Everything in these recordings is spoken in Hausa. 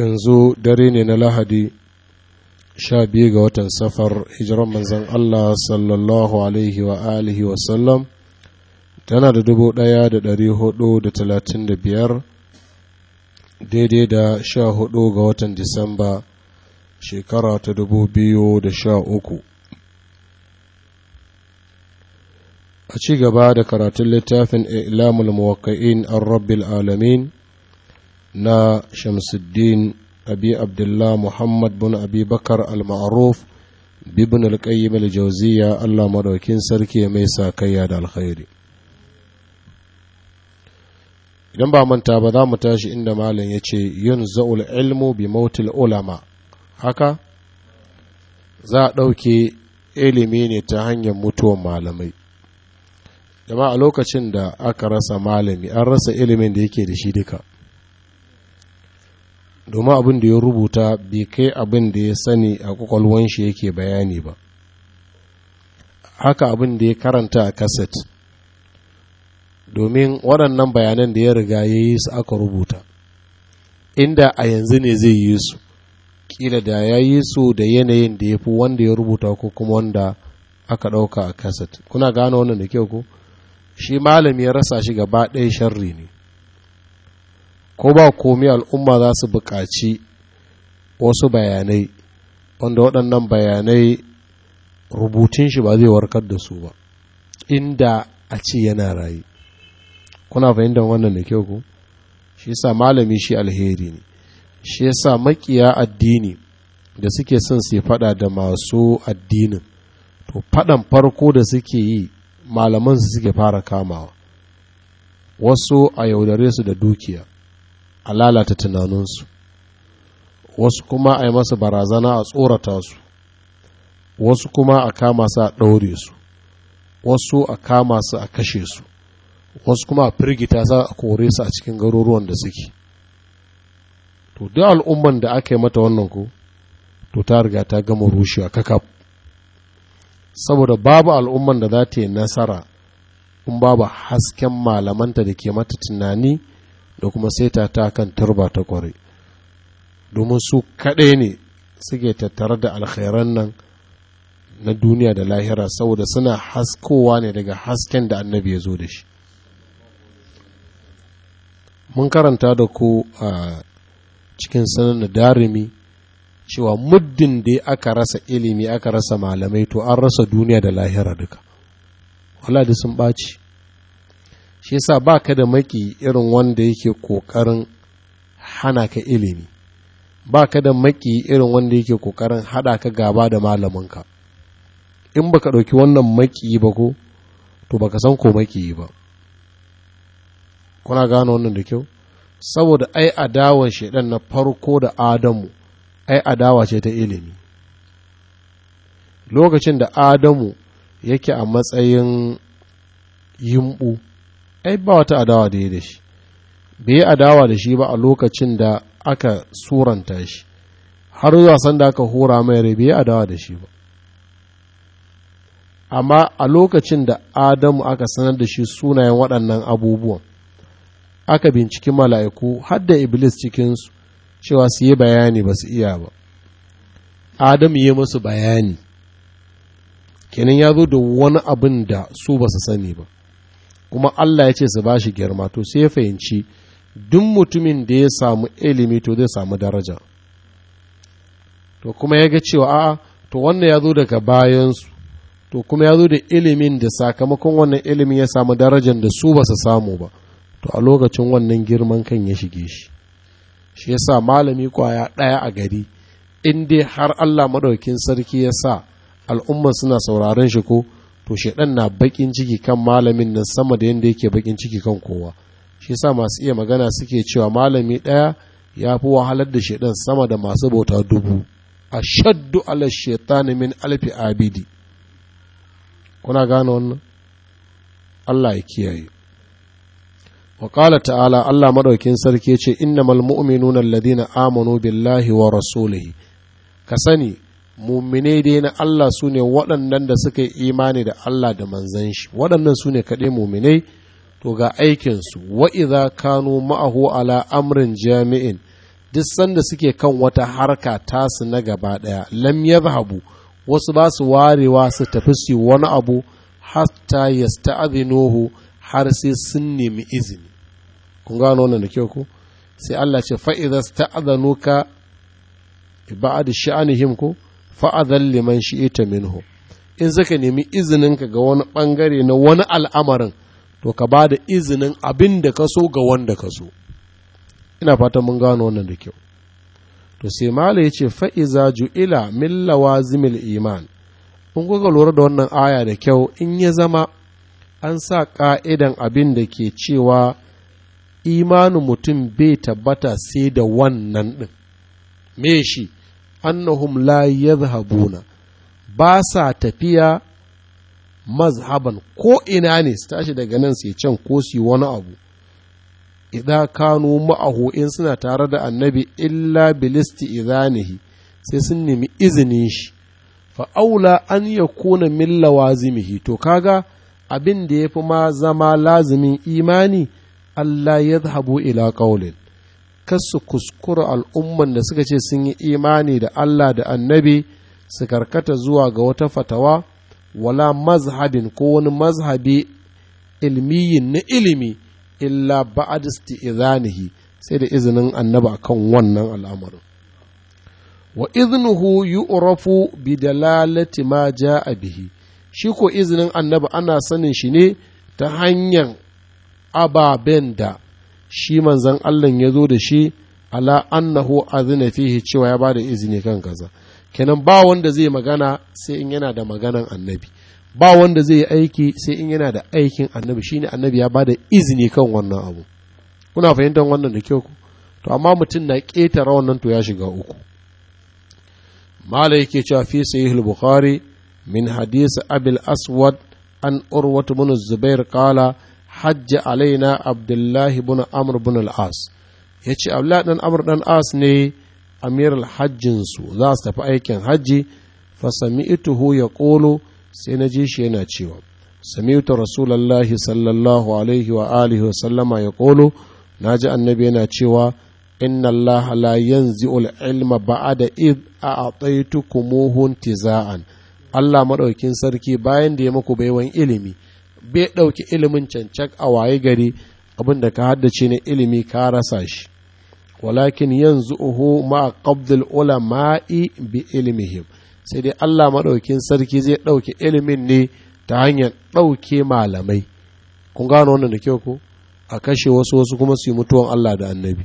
yanzu dare ne na lahadi sha biyu ga watan safar hijiran manzan Allah sallallahu alaihi wa alihi wasallam tana da dubu daya da dari hudu da talatin da biyar daidai da sha hudu ga watan disamba shekara ta dubu biyu da sha uku a ci gaba da karatun littafin ilamul muwakka'in an rabbil alamin na shamsuddin abi abdullah muhammad bin abi bakar al-ma'ruf bibin alƙayyim aljauziya allah madaukin sarki mai sa ya da alkhairi idan ba manta ba za mu tashi inda malam ya ce yin za'ul ilmu bi mautil ulama haka za a ɗauke ilimi ne ta hanyar mutuwan malamai jama a lokacin da aka rasa malami an rasa ilimin da yake da shi duka domin abin da ya rubuta bai kai abin da ya sani a kwakwalwan shi yake bayani ba haka abin da ya karanta a kaset domin waɗannan bayanan da ya riga ya yi su aka rubuta inda a yanzu ne zai yi su kila da ya yi su da yanayin da ya fi wanda ya rubuta ko kuma wanda aka ɗauka a kaset kuna gano wannan da kyau ko shi malami ya rasa shi gaba ɗaya sharri ne ko ba komi al'umma za su buƙaci wasu bayanai wanda waɗannan bayanai rubutun shi ba zai warkar da su ba inda a ce yana rayu kuna fahimtar wannan da kyau ku shi sa malami shi alheri ne shi sa makiya addini da suke son su faɗa da masu addinin to faɗan farko da suke yi malaman su suke fara kamawa wasu a yaudare su da dukiya a lalata tunaninsu wasu kuma a yi masa barazana a tsorata su wasu kuma a kama su a ɗaure su wasu a kama su a kashe su wasu kuma a firgita za a kore su a cikin garuruwan da suke to duk al'umman da aka yi mata wannan ku to ta riga ta gama rushewa kakaf saboda babu al'umman da za ta yi nasara in babu hasken malamanta da ke mata tunani da kuma sai ta ta kan turba ta kware domin su kaɗai ne suke tattare da alkhairan nan na duniya da lahira saboda suna haskowa ne daga hasken da annabi ya zo da shi mun karanta da ku a cikin sanar da cewa muddin da aka rasa ilimi aka rasa malamai to an rasa duniya da lahira duka wala da sun ɓaci shi yasa baka da maki irin wanda yake kokarin hana ka ilimi baka da maki irin wanda yake kokarin hada ka gaba da malaminka in baka ɗauki wannan maki ba ko to baka san ko maki ba kuna gano wannan da kyau saboda ai adawan shedan na farko da adamu ai adawa ce ta ilimi lokacin da adamu yake a matsayin yimbu ai ba wata adawa da ya da shi bai yi adawa da shi ba a lokacin da aka suranta shi har zuwa sanda aka hura mai rai bai yi adawa da shi ba amma a lokacin da adamu aka sanar da shi sunayen waɗannan abubuwan aka binciki mala'iku har iblis cikinsu cewa su yi bayani ba su iya ba adamu yi musu bayani kenan ya zo da wani abin da su ba su sani ba kuma Allah ya ce su ba shi girma to sai ya fahimci duk mutumin da ya samu ilimi to zai samu daraja to kuma ya ga cewa a'a to wannan ya zo daga bayansu to kuma ya zo da ilimin da sakamakon wannan ilimin ya samu darajar da su ba su samu ba to a lokacin wannan girman kan ya shige shi shi sa malami kwaya ɗaya a gari in dai har Allah maɗaukin sarki ya sa al'umma suna sauraron shi ko to shedan na bakin ciki kan malamin nan sama da yanda yake bakin ciki kan kowa shi yasa masu iya magana suke cewa malami ɗaya ya fi wahalar da shaidan sama da masu bauta dubu ashaddu ala shaitani min alfi abidi kuna gane wannan Allah ya kiyaye wa qala ta'ala Allah madaukin sarki ce innamal mu'minuna alladhina amanu billahi wa rasulihi ka sani mummine dai na Allah su ne waɗannan da suka yi imani da Allah da manzan shi waɗannan su ne kaɗai muminai to ga aikinsu wa'iza Kano ma'ahu ala amrin jami'in duk sanda suke kan wata harka tasu na gaba ɗaya lam habu wasu ba su warewa su tafi su wani abu hatta ya yasta'dhinuhu har sai sun nemi izini kun gano wannan da kyau ku sai Allah ce fa idza sta'dhanuka ba'd sha'anihim ko fa’adar liman shi ita minhu in suka nemi izinin ka ga wani ɓangare na wani al'amarin to ka ba da izinin abin da ka so ga wanda ka so ina fatan mun gano wannan da kyau to sai mala ya ce fa'iza ju'ila min zimil iman in kuka lura da wannan aya da kyau in ya zama an sa ka'idan abin da ke cewa imanin mutum bai tabbata sai da wannan ɗin me shi annahum la yadhhabuna ba sa tafiya mazhaban ko ina ne su tashi daga nan su can ko su wani abu idan kanu ma'ahu in suna tare da annabi illa bilisti izanihi sai sun nemi izinin shi fa'aula an ya kuna min lawazimihi to kaga abin da ya fi ma zama lazimin imani Allah ya zahabu ila kaulin su kuskura al'umman da suka ce sun yi imani da Allah da annabi su karkata zuwa ga wata fatawa wala mazhabin ko wani mazhabi ilmiyin na ilimi illa ba'ad isti'zanihi sai da izinin annabi kan wannan al'amarin wa iznuhu yu'rafu bi dalalati ma ja'a bihi shi ko izinin annabi ana sanin shi ne ta hanyar ababen da shi manzan Allah ya zo da shi ala annahu azina fihi cewa ya bada izini kan kaza kenan ba wanda zai magana sai in yana da maganan annabi ba wanda zai yi aiki sai in yana da aikin annabi shine annabi ya bada izini kan wannan abu kuna fahimtar wannan da kyau to amma mutum na keta wannan to ya shiga uku malai ke cewa fi sahih al-bukhari min hadith abil aswad an urwatu bin zubair qala hajji alaina abdullahi bin amr bin al-as ya ce abdullahi dan amr dan as ne amir hajjinsu za su tafi aikin hajji fa sami'tuhu ya kolo sai na ji shi yana cewa sami'tu rasulullahi sallallahu alaihi wa alihi wa sallama ya kolo na ji annabi yana cewa inna Allah la yanzi'ul ilma ba'da id a'taytukumuhu intiza'an Allah madaukin sarki bayan da ya muku baiwan ilimi bai ɗauki ilimin cancak a waye gari abinda ka haddace na ilimi ka rasa shi walakin yanzu uhu ma qabdul ulama'i bi ilmihim sai dai Allah maɗaukin sarki zai ɗauki ilimin ne ta hanyar ɗauke malamai kun gano wannan da kyau ko a kashe wasu wasu kuma su yi mutuwan Allah da annabi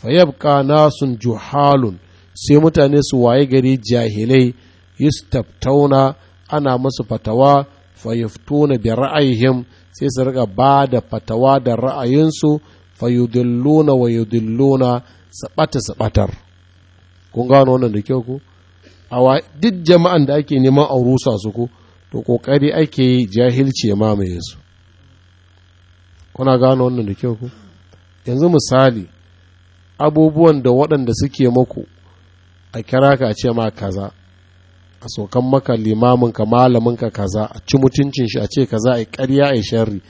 fayabqa nasun juhalun sai mutane su waye gari jahilai yustaftauna ana musu fatawa fayaftuna bi ra'ayihim sai su riga ba da fatawa da ra'ayinsu fayudilluna wa yudilluna sabata sabatar kun gano wannan da kyau ku awa duk jama'an da ake neman a rusa su ku to kokari ake yi jahilci ya mamaye su kuna gano wannan da kyau ku yanzu misali abubuwan da waɗanda suke muku a kira ka ce ma kaza a sokan maka limaminka malaminka kaza a ci mutuncin shi a ce kaza a ƙarya a sharri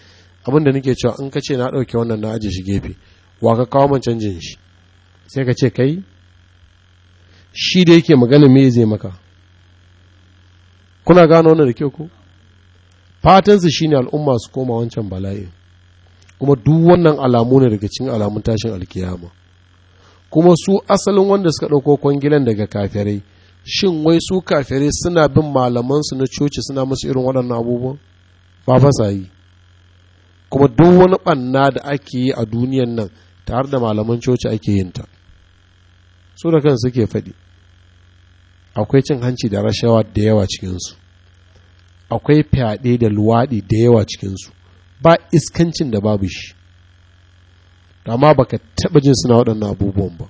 abinda nake cewa in ka ce na ɗauke wannan na aje shi gefe wa ka kawo man canjin shi sai ka ce kai shi da yake magana me zai maka kuna gano wannan da kyau ko su shine al'umma su koma wancan bala'in kuma duk wannan alamu ne daga cikin alamun tashin alkiyama kuma su asalin wanda suka ɗauko kwangilan daga kafirai shin wai su kafirai suna bin malamansu na coci suna musu irin waɗannan abubuwan ba fasa yi kuma duk wani ɓanna da ake yi a duniyan nan tare da malaman coci ake yin ta su da kansu suke faɗi akwai cin hanci da rashawa da yawa cikinsu akwai fyaɗe da luwaɗi da yawa cikinsu ba iskancin da babu shi amma baka taɓa jin suna waɗannan abubuwan ba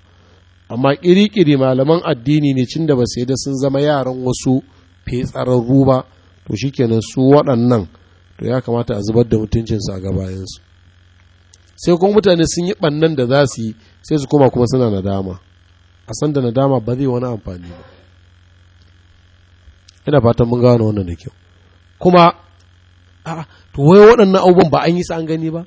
amma kirikiri malaman addini ne cin da ba sai da sun zama yaran wasu fetsararru ba to shikenan su waɗannan to ya kamata a zubar da mutuncinsu a gabayensu sai kuma mutane sun yi ɓannan da za su yi sai su koma kuma suna nadama a san da nadama ba zai wani amfani ba ina fatan mun gano wannan da kyau kuma a to wai waɗannan abubuwan ba an yi sa an gani ba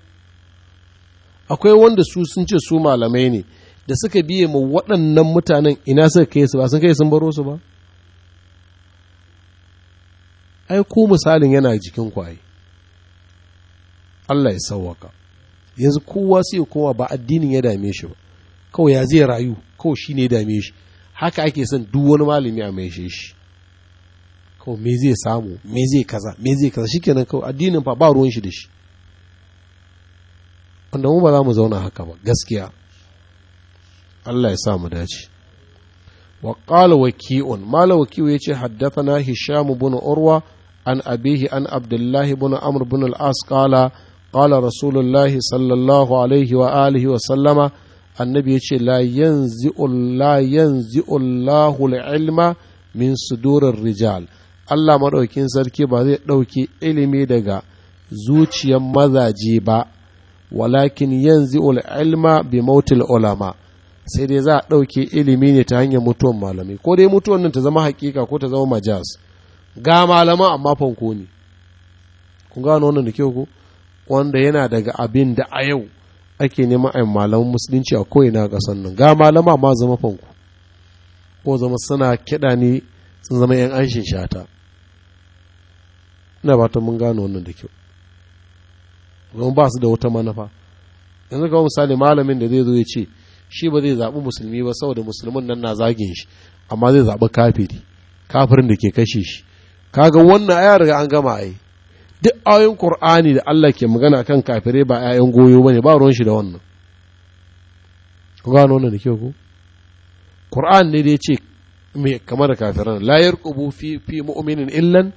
akwai wanda su sun ce su malamai ne da suka biye ma waɗannan mutanen ina suka kai su ba sun kai sun baro su ba ai ku misalin yana jikin kwaye Allah ya sauwaka yanzu kowa sai kowa ba addinin ya dame shi ba kawai ya zai rayu kawai shi ne ya dame shi haka ake son duk wani malami a mai shi kawai me zai samu me zai kaza me zai kaza shikenan kawai addinin fa ba ruwan shi da shi wanda mu ba za mu zauna haka ba gaskiya Allah ya sa mu dace wa qala waki'un mala waki'u yace haddathana hisham ibn urwa an abihi an abdullah ibn amr ibn al-as qala qala rasulullah sallallahu alaihi wa alihi wa sallama annabi yace la yanzi'u la yanzi'u Allahu al-ilma min sudurir rijal Allah madaukin sarki ba zai dauke ilimi daga zuciyar mazaje ba walakin yanzi'u al-ilma bi mautil ulama' sai dai za a ɗauke ilimi ne ta hanyar mutuwan malamai ko dai mutuwan nan ta zama hakika ko ta zama majas ga malama amma fanko ne kun gano wannan da kyau ko wanda yana daga abin da a yau ake neman ayin malaman musulunci a ko'ina a ƙasar nan ga malama amma zama fanko ko zama suna kiɗa ne sun zama yan anshin shata ina ba ta mun gano wannan da kyau don ba su da wata manufa yanzu kawai misali malamin da zai zo ya ce shi ba zai zaɓi musulmi ba saboda musulmin nan na zagin shi amma zai zaɓi kafiri kafirin da ke kashe shi kaga wannan aya riga an gama ai duk ayoyin qur'ani da Allah ke magana kan kafire ba ayoyin goyo bane ba ruwan shi da wannan ku gano wannan da kyau ku qur'an ne da yace me kamar da kafiran la yarqubu fi fi mu'minin illan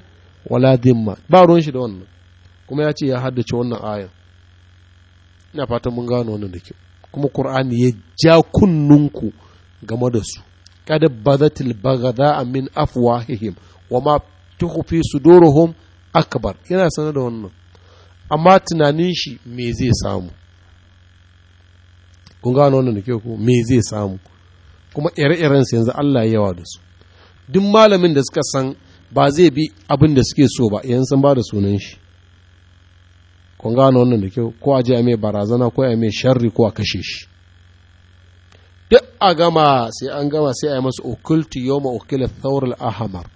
wala dhimma ba ruwan shi da wannan kuma ya ce ya haddace wannan ayan ina fatan mun gano wannan da kyau kuma ƙur'ani ya ja kunnunku game da su kada badatil a min afwahihim wa ma tukhfi sudurhum akbar yana sanar da wannan amma tunanin shi me zai samu kun gano wannan da ke ko me zai samu kuma ire-iren sa yanzu Allah ya yawa da su duk malamin da suka san ba zai bi abin da suke so ba yan san ba da sunan shi kun gano wannan da kyau ko a je a mai barazana ko a mai sharri ko a kashe shi duk a gama sai an gama sai a yi masu okulti yau ma okila thawar ahamar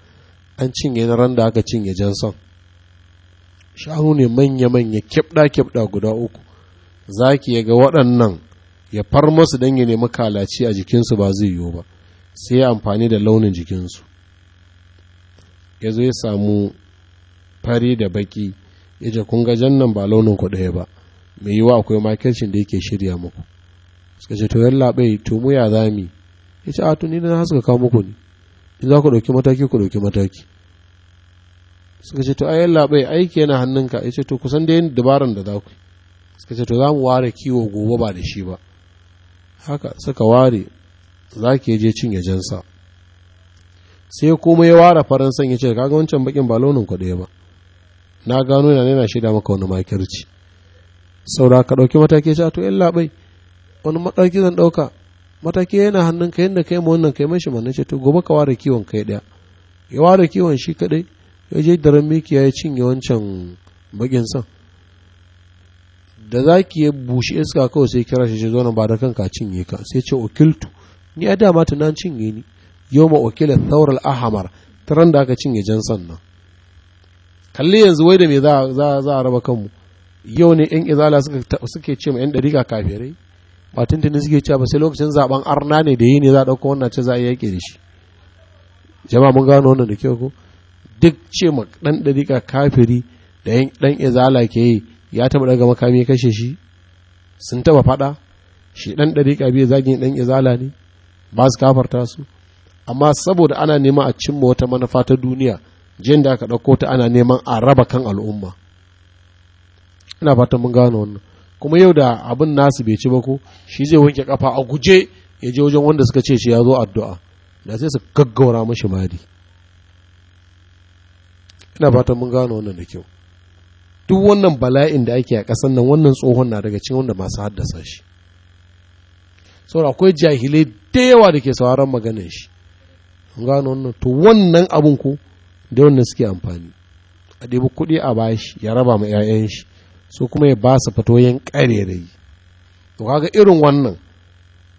an cinye na ran da aka cinye jansan shanu ne manya-manya kyabda-kyabda guda uku zaki ya ga waɗannan ya far masu don ya nemi kalaci a jikinsu ba zai yiwu ba sai ya amfani da launin jikinsu ya zo ya samu fari da baki yace kun ga jannan ba launin ku ɗaya ba me yiwa akwai makircin da yake shirya muku suka ce to yan bai to mu ya zami yace a to ni na haska ka muku ne in za ku ɗauki mataki ku ɗauki mataki suka ce to ai yalla aiki yana hannunka yace to kusan da yin dabaran da za ku suka ce to za mu ware kiwo gobe ba da shi ba haka suka ware za ki je cinye jansa sai kuma ya ware faransan ya ce kaga wancan bakin ba launin ku ɗaya ba na gano yana yana shaida maka wani makirci saura ka ɗauki mataki ce to in labai wani mataki zan ɗauka mataki yana hannun ka yadda kai ma wannan kai mashi mannan ce to gobe ka ware kiwon kai ɗaya ya ware kiwon shi kaɗai ya je daren miki ya cinye wancan bakin san da za ki ya bushe iska kawai sai kira shi zo nan ba da kanka cinye ka sai ce okiltu ni a dama tunan cinye ni yau ma okilin thaural ahamar taron da aka cinye jan sannan kalli yanzu wai da me za a raba kanmu yau ne yan izala suke ce ma yan dariƙa kafirai ba tuntuni suke cewa ba sai lokacin zaben arna ne da yi ne za a ɗauko wannan ce za a yaƙi da shi jama'a mun gano wannan da kyau ko duk ce ma ɗan dariƙa kafiri da ɗan izala ke yi ya taɓa daga makami kashe shi sun taɓa faɗa shi ɗan dariƙa biyu zagin ɗan izala ne ba su kafarta su amma saboda ana nema a cimma wata manufa ta duniya jin da aka ɗauko ta ana neman a raba kan al'umma ina fatan mun gano wannan kuma yau da abin nasu bai ci ba ko shi zai wanke kafa a guje ya je wajen wanda suka ce shi ya zo addu'a da sai su gaggaura mashi mari ina fatan mun gano wannan da kyau duk wannan bala'in da ake a ƙasar nan wannan tsohon na daga cikin wanda masu haddasa shi saboda akwai jahilai da yawa da ke sauraron maganar shi gano wannan to wannan abin ko da wannan suke amfani a ɗebi kuɗi a bashi ya raba ma 'ya'yan shi so kuma ya ba su fatoyin yi to kaga irin wannan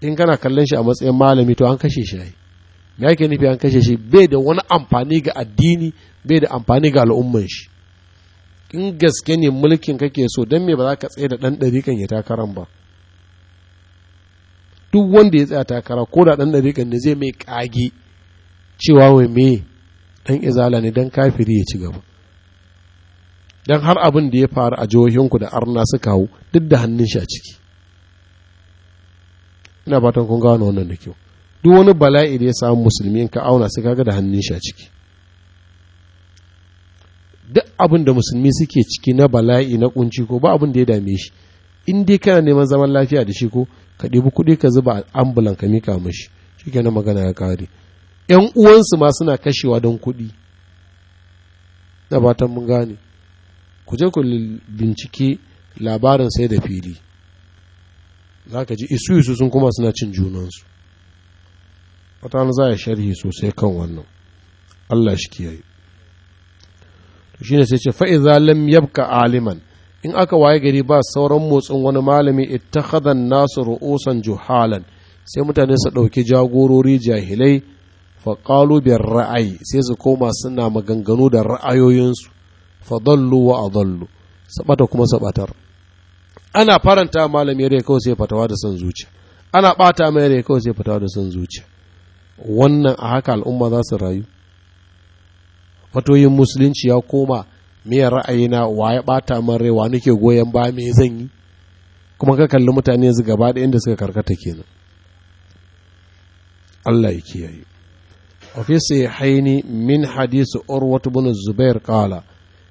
in kana kallon shi a matsayin malami to an kashe shi ai me yake nufi an kashe shi bai da wani amfani ga addini bai da amfani ga al'umman shi in gaske ne mulkin kake so don me ba za ka tsaye da ɗan kan ya takaran ba duk wanda ya tsaya takara ko da ɗan kan ne zai mai ƙage cewa wai me dan izala ne dan kafiri ya ci gaba dan har abin da ya faru a jihohinku da arna suka hau duk da hannun shi a ciki ina fatan kun gano wannan da kyau duk wani bala'i da ya samu musulmi in ka auna sai kaga da hannun shi a ciki duk abin da musulmi suke ciki na bala'i na kunci ko ba abin da ya dame shi in dai kana neman zaman lafiya da shi ko ka ɗebi kuɗi ka zuba ambulan ka mika mashi na magana ya kare ‘yan uwansu ma suna kashewa don kuɗi da batan mun gane ku je ku bincike labarin sai da fili za ka ji isu isu sun kuma suna cin junansu wata za a sharhi sosai kan wannan Allah shi kiyaye to shi ne sai ce fa lam aliman in aka waye gari ba sauran motsin wani malami ita an-nasu ru'usan juhalan sai mutane su ɗauki jagorori jahilai faƙalu biyar ra'ayi sai su koma suna maganganu da ra'ayoyinsu fadallu wa adallu sabata kuma sabatar ana faranta malami yare kawai sai fatawa da son zuciya ana bata mai yare kawai sai fatawa da son zuciya wannan a haka al'umma za su rayu fatoyin musulunci ya koma ra'ayi na wa ya bata min rai wa nake goyon ba me zan yi kuma ka kalli mutane yanzu gaba da inda suka karkata kenan Allah ya kiyaye وفي صحيحين من حديث أروة بن الزبير kala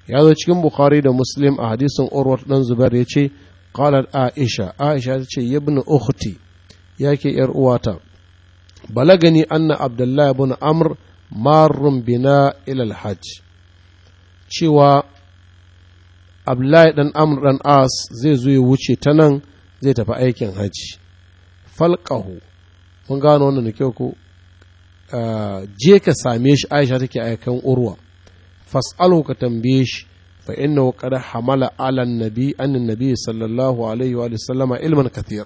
يا ذو cikin Bukhari da Muslim a hadisin Urwa dan Zubair yace qalat Aisha Aisha tace ibn ukhti yake yar uwata balagani anna Abdullah ibn Amr marrun bina ila al-hajj cewa Abdullahi dan Amr dan As zai zo ya wuce ta nan zai tafi aikin hajji falqahu mun gano wannan kyau ko Eh, je ka same shi aisha take aikan urwa fas'alu ka tambaye shi fa innahu qad hamala ala nabi an nabi sallallahu alaihi wa sallama ilman kathir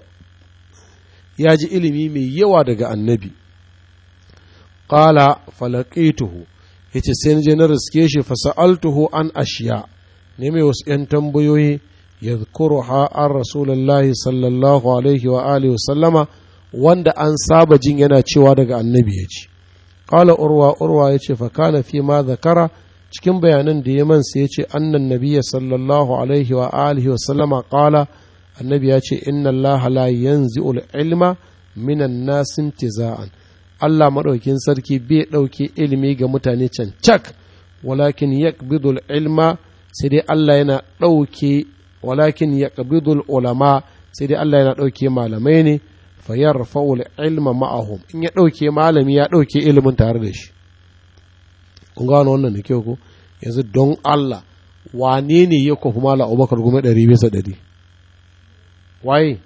ya ji ilimi mai yawa daga annabi qala falaqituhu yace sai na je na riske shi fa sa'altuhu an ashiya ne mai wasu yan tambayoyi yadhkuruha an rasulullahi sallallahu alaihi wa alihi wa sallama wanda an saba jin yana cewa daga annabi ya ce ƙala urwa urwa ya ce fakana fi ma zakara cikin bayanan da ya man sai ya ce annan nabiya sallallahu alaihi wa alihi wa sallama ƙala annabi ya ce inna allah la yanzi'ul ilma minan nasin tiza'an allah maɗaukin sarki bai ɗauke ilimi ga mutane cancak walakin yakbidul ilma sai dai allah yana ɗauke walakin yakbidul ulama sai dai allah yana ɗauke malamai ne fayar faul ilma ma'ahum in ya ɗauke malami ya ɗauke ilimin tare da shi kun gano wannan da kyau ko yanzu don Allah wane ne ya kwafi mala Abubakar goma ɗari bisa ɗari waye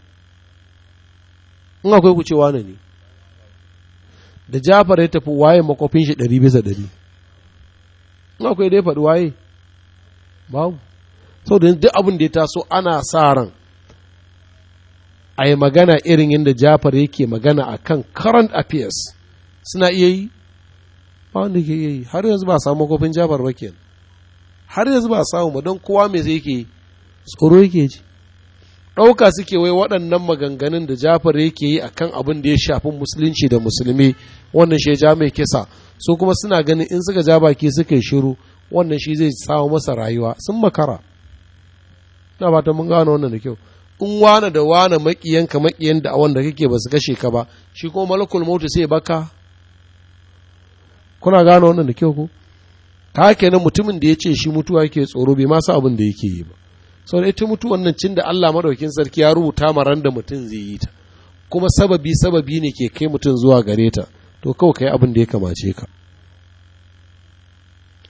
in akwai ku ce wane ne da Jafar ya tafi waye makwafin shi ɗari bisa ɗari in akwai dai faɗi waye babu sau da duk abin da ya taso ana sa ran a yi magana irin yadda jafar yake magana a kan current affairs suna iya yi ba wanda ke iya yi har yanzu ba samu kofin jafar ba har yanzu ba samu ba don kowa mai zai ke tsoro yake ji ɗauka suke wai waɗannan maganganun da jafar yake yi akan abin da ya shafi musulunci da musulmi wannan shi ja mai kisa su kuma suna ganin in suka ja baki suka yi shiru wannan shi zai samu masa rayuwa sun makara na fatan mun gano wannan da kyau in wane da wane makiyanka makiyan da wanda kake ba su kashe ka ba shi kuma malakul mautu sai baka kuna gano wannan da kyau ko ka kenan mutumin da ya ce shi mutuwa yake tsoro bai ma sa abin da yake yi ba saboda ita mutuwan nan cin da Allah madaukin sarki ya rubuta maran da mutum zai yi ta kuma sababi sababi ne ke kai mutum zuwa gare ta to kawai kai abin da ya kamace ka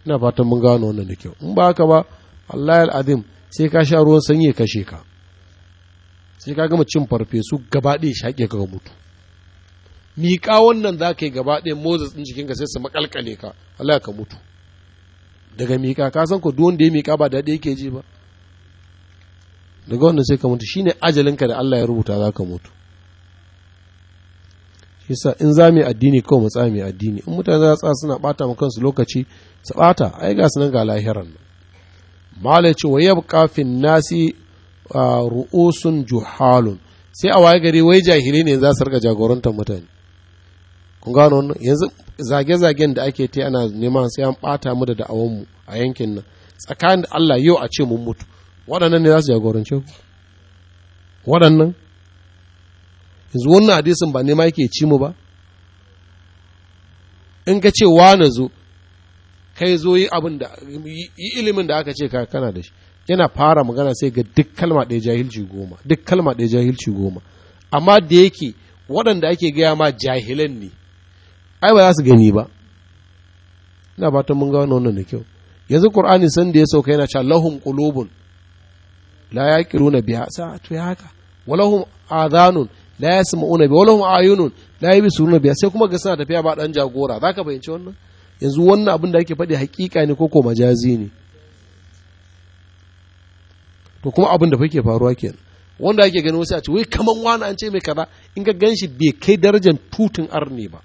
ina fatan mun gano wannan da kyau in ba haka ba Allah ya al'adim sai ka sha ruwan sanyi ya kashe ka sai ka gama cin farfesu gaba ɗaya shaƙe ka mutu miƙa wannan za ka yi gaba ɗaya moses ɗin jikinka sai su maƙalƙale ka Allah ka mutu daga miƙa ka san ko duk wanda ya miƙa ba daɗi yake ji ba daga wannan sai ka mutu shine ajalinka da Allah ya rubuta za ka mutu yasa in za mu addini kawai mu tsaya mu addini in mutane za su suna bata mu kansu lokaci su bata ai ga su nan ga lahiran nan malai ce wa yabqa fin nasi ru'usun juhalun sai a waye gari wai jahili ne za su rika jagorantar mutane kun gano wannan yanzu zage-zagen da ake ta ana neman sai an bata mu da da'awanmu a yankin nan tsakanin Allah yau a ce mun mutu waɗannan ne za su jagorance ku waɗannan yanzu wannan hadisin ba nema yake ci mu ba in ka ce wane na zo kai zo yi abin da yi ilimin da aka ce ka kana da shi yana fara magana sai ga duk kalma ɗaya jahilci goma duk kalma ɗaya jahilci goma amma da yake waɗanda ake gaya ma jahilan ne ai ba za su gani ba ina fatan mun ga wannan da kyau yanzu qur'ani san da ya sauka yana cewa lahum qulubun la yaqiluna biha sa to ya haka walahum adhanun la yasma'una bi walahum ayunun la yabsuruna biha sai kuma ga suna tafiya ba dan jagora zaka bayyance wannan yanzu wannan abin da ake faɗi hakika ne ko ko majazi ne to kuma abin da fake faruwa kenan wanda ake gani wasu a ce wai kaman wani an ce mai kaza in ka ganshi bai kai darajar tutun arni ba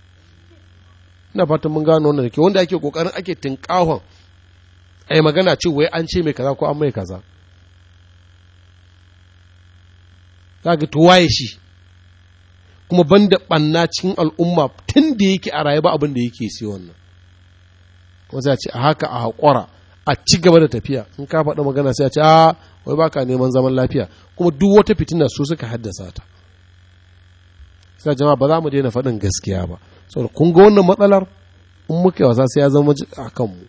ina fatan mun gano wannan ke wanda ake kokarin ake tinkahon ai magana ce wai an ce mai kaza ko an mai kaza kaga to waye shi kuma ban da banna cikin al'umma tun da yake a raye ba abin da yake sai wannan wasu a ce a haka a haƙura a ci gaba da tafiya in ka faɗa magana sai a ce a ah, wai baka neman zaman lafiya kuma duk wata fitina su suka haddasa ta sai jama'a ba za mu daina faɗin gaskiya ba saboda kun ga wannan matsalar in muke wasa sai ya zama a kanmu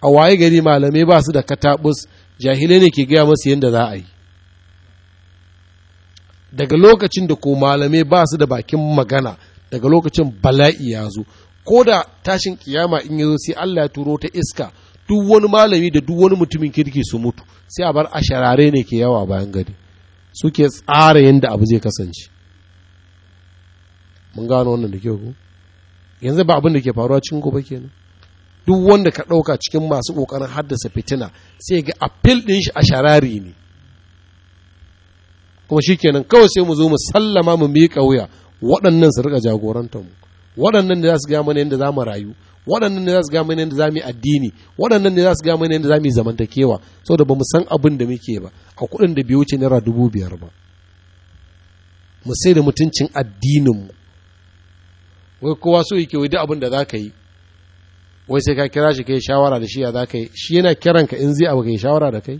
a waye gari malamai ba su da katabus jahilai ne ke gaya masu yadda za a yi daga lokacin da ko malamai ba su da bakin magana daga lokacin bala'i ya zo ko da tashin kiyama in ya zo sai Allah ya turo ta iska duk wani malami da duk wani mutumin kirki su mutu sai a bar a sharare ne ke yawa bayan gari suke tsara yadda abu zai kasance mun gano wannan da kyau yanzu ba abin da ke faruwa cikin gobe kenan duk wanda ka ɗauka cikin masu ƙoƙarin haddasa fitina sai ga apil ɗin shi a sharari ne kuma shi kenan kawai sai mu zo mu sallama mu miƙa wuya waɗannan su riƙa jagorantar mu waɗannan da za su gaya mana yadda za mu rayu waɗannan ne za su ga mai yadda za mu yi addini waɗannan ne za su ga mai yadda za mu yi zamantakewa da ba mu san abin da muke ba a kuɗin da bai wuce naira dubu biyar ba mu sai da mutuncin addininmu wai kowa so yake wai duk abin da za ka yi wai sai ka kira shi ka yi shawara da shi ya za ka yi shi yana kiran ka in zai abu ka yi shawara da kai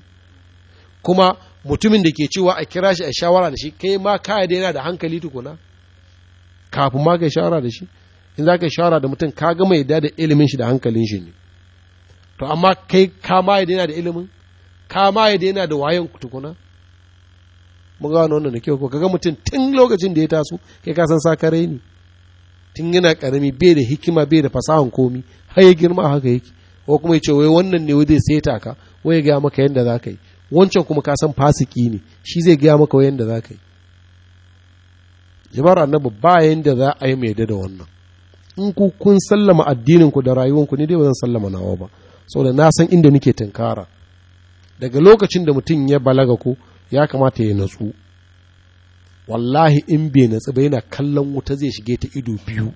kuma mutumin da ke cewa a kira shi a shawara da shi kai ma ka yana da hankali tukuna kafin ma ka yi shawara da shi in za ka shawara da mutum ka gama yadda da ilimin shi da hankalin shi ne to amma kai ka ma yadda yana da ilimin ka ma yadda yana da wayan tukuna mun wani wannan da kyau ko kaga mutum tun lokacin da ya taso kai ka san sakare ne tun yana karami bai da hikima bai da fasahan komi har ya girma haka yake ko kuma yace wai wannan ne wai zai saita ka wai ga maka yanda zaka yi wancan kuma ka san fasiki ne shi zai ga maka wai yanda zaka yi jama'ar annabi ba yanda za a yi mai da wannan in ku kun sallama addininku da rayuwanku ne dai ba zan sallama nawa ba saboda na san inda nake tunkara daga lokacin da mutum ya balaga ko ya kamata ya natsu wallahi in bai natsu ba yana kallon wuta zai shige ta ido biyu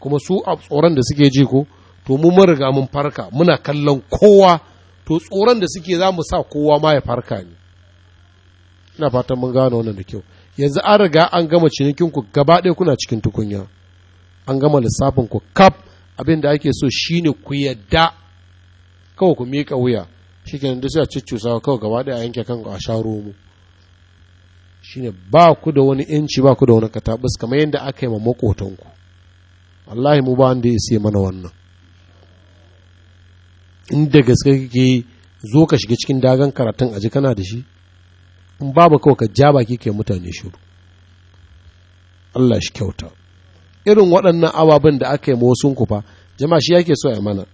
kuma su a tsoron da suke ji ko to mu mun riga mun farka muna kallon kowa to tsoron da suke za mu sa kowa ma ya farka ne ina fatan mun gane wannan da kyau yanzu an riga an gama cinikin ku gaba ɗaya kuna cikin tukunya an gama lissafin ku kaf abin da ake so shine ku yadda kawai ku miƙa wuya shikenan duk sai a cuccusa kawai gaba ɗaya a yanke kan a sha romo shine ba ku da wani inci ba ku da wani katabus kamar yadda aka yi ma makotanku wallahi mu ba wanda ya sai mana wannan inda gaske kake zo ka shiga cikin dagan karatun aji kana da shi in babu kawai ka ja baki kai mutane shiru Allah shi kyauta irin waɗannan ababen da aka yi wasun ku fa jama shi yake so ya mana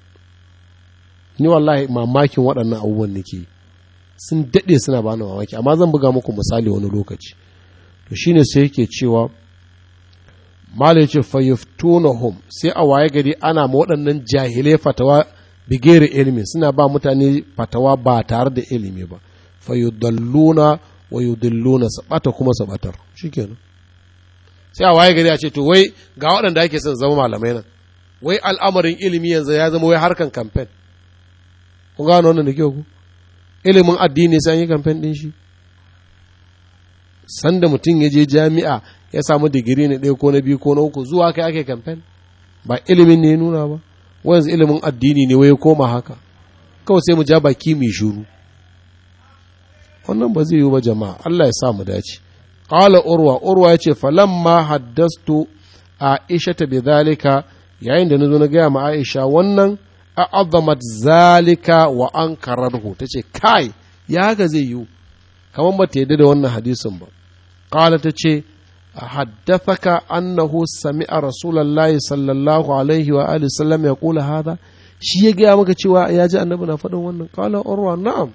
ni wallahi mamakin waɗannan abubuwan nake sun daɗe suna bani mamaki amma zan buga muku misali wani lokaci to shine sai yake cewa mala yace hom sai a waye gari ana ma waɗannan jahilai fatawa bigere ilimi suna ba mutane fatawa ba tare da ilimi ba fayudalluna wa yudilluna sabata kuma sabatar shikenan sai a waye gari a ce to wai ga waɗanda ake son zama malamai nan wai al'amarin ilimi yanzu ya zama wai harkan kamfen kun gano wannan da kyau ku ilimin addini sai an yi kamfen ɗin shi sanda mutum ya je jami'a ya samu digiri na ɗaya ko na biyu ko na uku zuwa kai ake kamfen ba ilimin ne ya nuna ba yanzu ilimin addini ne wai ya koma haka kawai sai mu ja baki mai shuru wannan ba zai yi ba jama'a Allah ya sa mu dace qala urwa urwa yace falamma haddastu aishata ta zalika yayin da nazo na gaya ma aisha wannan a'azzamat zalika wa ankararhu tace kai ya ga zai yiwu kamar ba ta yadda da wannan hadisin ba qala tace haddathaka annahu sami'a rasulullahi sallallahu alaihi wa alihi sallam yaqulu hadha shi ya gaya maka cewa ya ji annabi na faɗin wannan qala urwa na'am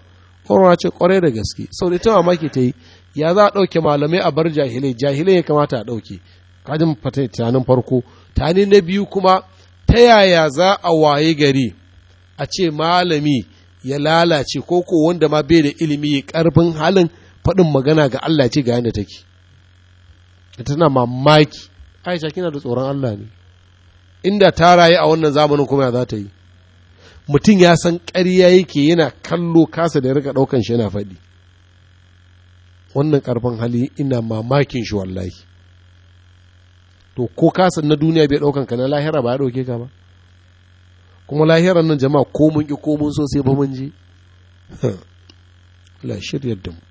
urwa ce kwarai da gaske sau da ita mamaki ta yi ya za a ɗauke malamai a bar jahilai jahilai ya kamata a ɗauke kajin fata tunanin farko tani na biyu kuma ta yaya za a waye gari a ce malami ya lalace ko ko wanda ma bai da ilimi karfin halin faɗin magana ga Allah ce ga yadda take tana mamaki aisha kina da tsoron Allah ne inda ta rayu a wannan zamanin kuma za ta yi mutum ya san ƙarya yake yana kallo kasa da ya rika ɗaukan shi yana faɗi wannan karfin hali ina mamakin shi wallahi to ko kasan na duniya bai daukan ka na lahira ba ya dauke ka ba kuma lahiran nan jama'a ko mun ki ko mun so sai ba mun je, la shirya da mu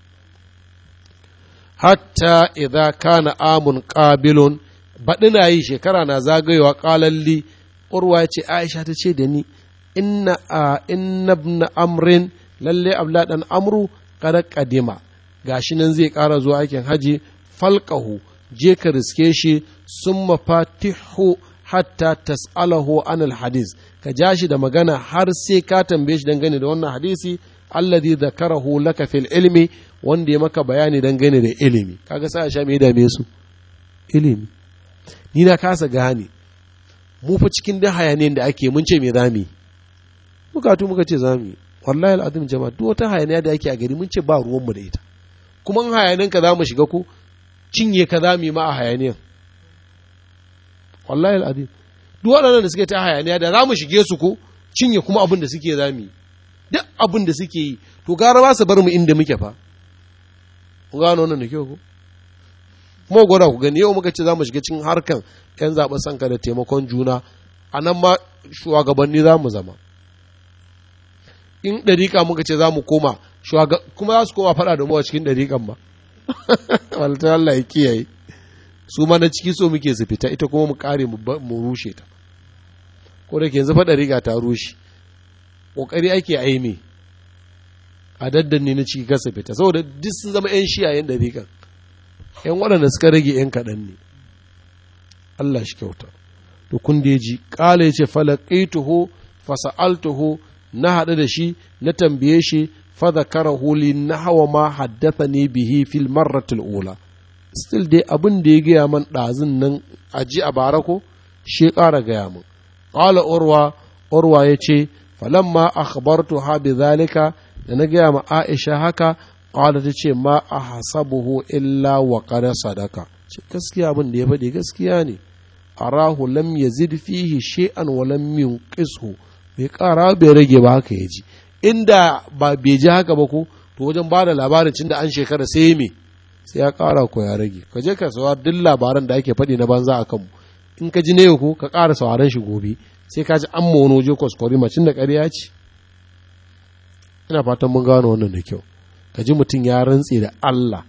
hatta idza kana amun qabilun baɗi na yi shekara na zagayewa qalalli urwa ce aisha ta ce da ni inna a inna amrin lalle abla amru kada qadima gashi nan zai ƙara zuwa aikin haji falƙahu je ka riske shi sun mafatihu hatta tas'alahu anil hadis ka ja shi da magana har sai ka tambaye shi dangane da wannan hadisi alladhi dhakarahu laka fil ilmi wanda ya maka bayani dangane da ilimi kaga sai sha me dame su ilimi ni na kasa gane mu fa cikin da hayaniyan da ake mun ce me zami bukatu muka ce zami wallahi al'azim jama'a duk wata hayaniya da ake a gari mun ce ba ruwan mu da ita kuma in hayaninka za mu shiga ku cinye ka za mu yi ma a hayaniyan wallahi al'adu duk waɗannan da suke ta hayaniya da za mu shige su ku cinye kuma abin da suke za mu yi duk abin da suke yi to gara ba su bar mu inda muke fa Ku gano nan da kyau ku kuma gwada ku gani yau muka ce za mu shiga cikin harkan yan zaɓen sanka da taimakon juna a nan ma shugabanni za mu zama in ɗariƙa muka ce za mu koma kuma za su koma faɗa da mu a cikin ɗariƙan ba walta Allah ya kiyaye su ma na ciki so muke su fita ita kuma mu kare mu rushe ta ko da ke zafa ɗariƙa ta rushe ƙoƙari ake aimi a ne na ciki kasa fita saboda duk sun zama 'yan shiyayen ɗariƙan 'yan waɗanda suka rage 'yan kaɗan ne Allah shi kyauta to kun da ya ji ƙala ya ce falaƙaituhu fasa'altuhu na haɗu da shi na tambaye shi فذكره لنحو ما حدثني به في المرة الأولى still dai abin da ya gaya man ɗazin nan a ji a bara ko shi ƙara gaya min ƙala urwa urwa ya ce falamma ma ha bi zalika da na gaya ma aisha haka ƙala ta ce ma a hasabuhu illa wa qad sadaka ce gaskiya abin da ya faɗi gaskiya ne arahu lam yazid fihi an wa lam yunqishu bai ƙara bai rage ba haka ya ji inda ba bai ji haka ba ko to wajen ba da labarin cin da an shekara sai me sai ya ƙara ko ya rage ka je ka sawar duk labaran da ake faɗi na banza a kanmu in ka ji ne ko ka ƙara sauraron shi gobe sai ka ji an ma wani waje kwaskwari macin da ƙarya ce ina fatan mun gano wannan da kyau ka ji mutum ya rantse da Allah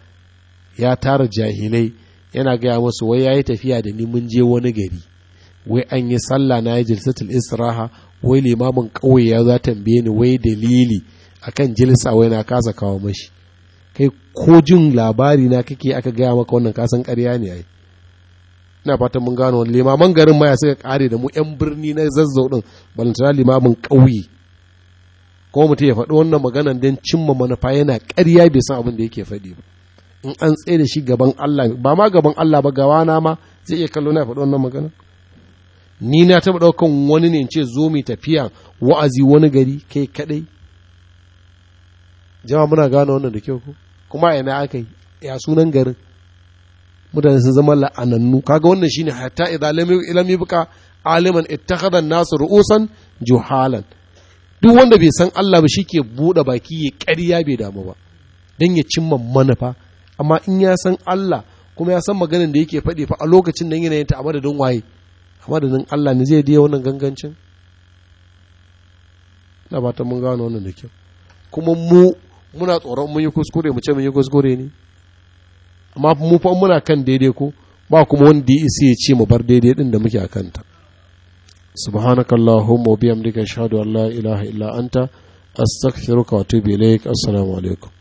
ya tara jahilai yana gaya masu wai ya yi tafiya da ni mun je wani gari wai an yi sallah na yi jilsatul israha wai limamin ƙauye ya za tambaye ni wai dalili akan jilsa wai na kasa kawo mashi kai ko jin labari na kake aka gaya maka wannan kasan ƙarya ne ai ina fatan mun gano limaman garin maya suka kare da mu yan birni na zazzau din balantana limamin ƙauye ko mutum ya faɗi wannan maganan don cimma manufa yana ƙarya bai san abin da yake faɗi ba in an tsaye da shi gaban Allah ba ma gaban Allah ba gawa na ma zai iya kallo na faɗi wannan magana ni na taɓa ɗaukan wani ne ce zo mai tafiya wa'azi wani gari kai kaɗai jama muna gane wannan da kyau ko kuma ina aka yi ya sunan garin mutane sun zama la'anannu kaga wannan shine hatta idza lam yubqa aliman ittakhadha an-nasu ru'usan juhalan duk wanda bai san Allah ba shike bude baki ya ƙarya bai damu ba dan ya cimma manufa amma in ya san Allah kuma ya san maganar da yake faɗi fa a lokacin nan yanayin ta a madadin waye madadin Allah ne zai diya wannan gangancin na ba ta mun gano wannan da kyau kuma mu muna tsoron mun yi kuskure mu ce mun yi kuskure ne amma mu fa muna kan daidai ko ba kuma wanda ya isa ya ce mu bar daidai din da muke a kanta subhanakallahumma wa bihamdika ashhadu an la ilaha illa anta astaghfiruka wa atubu ilaik assalamu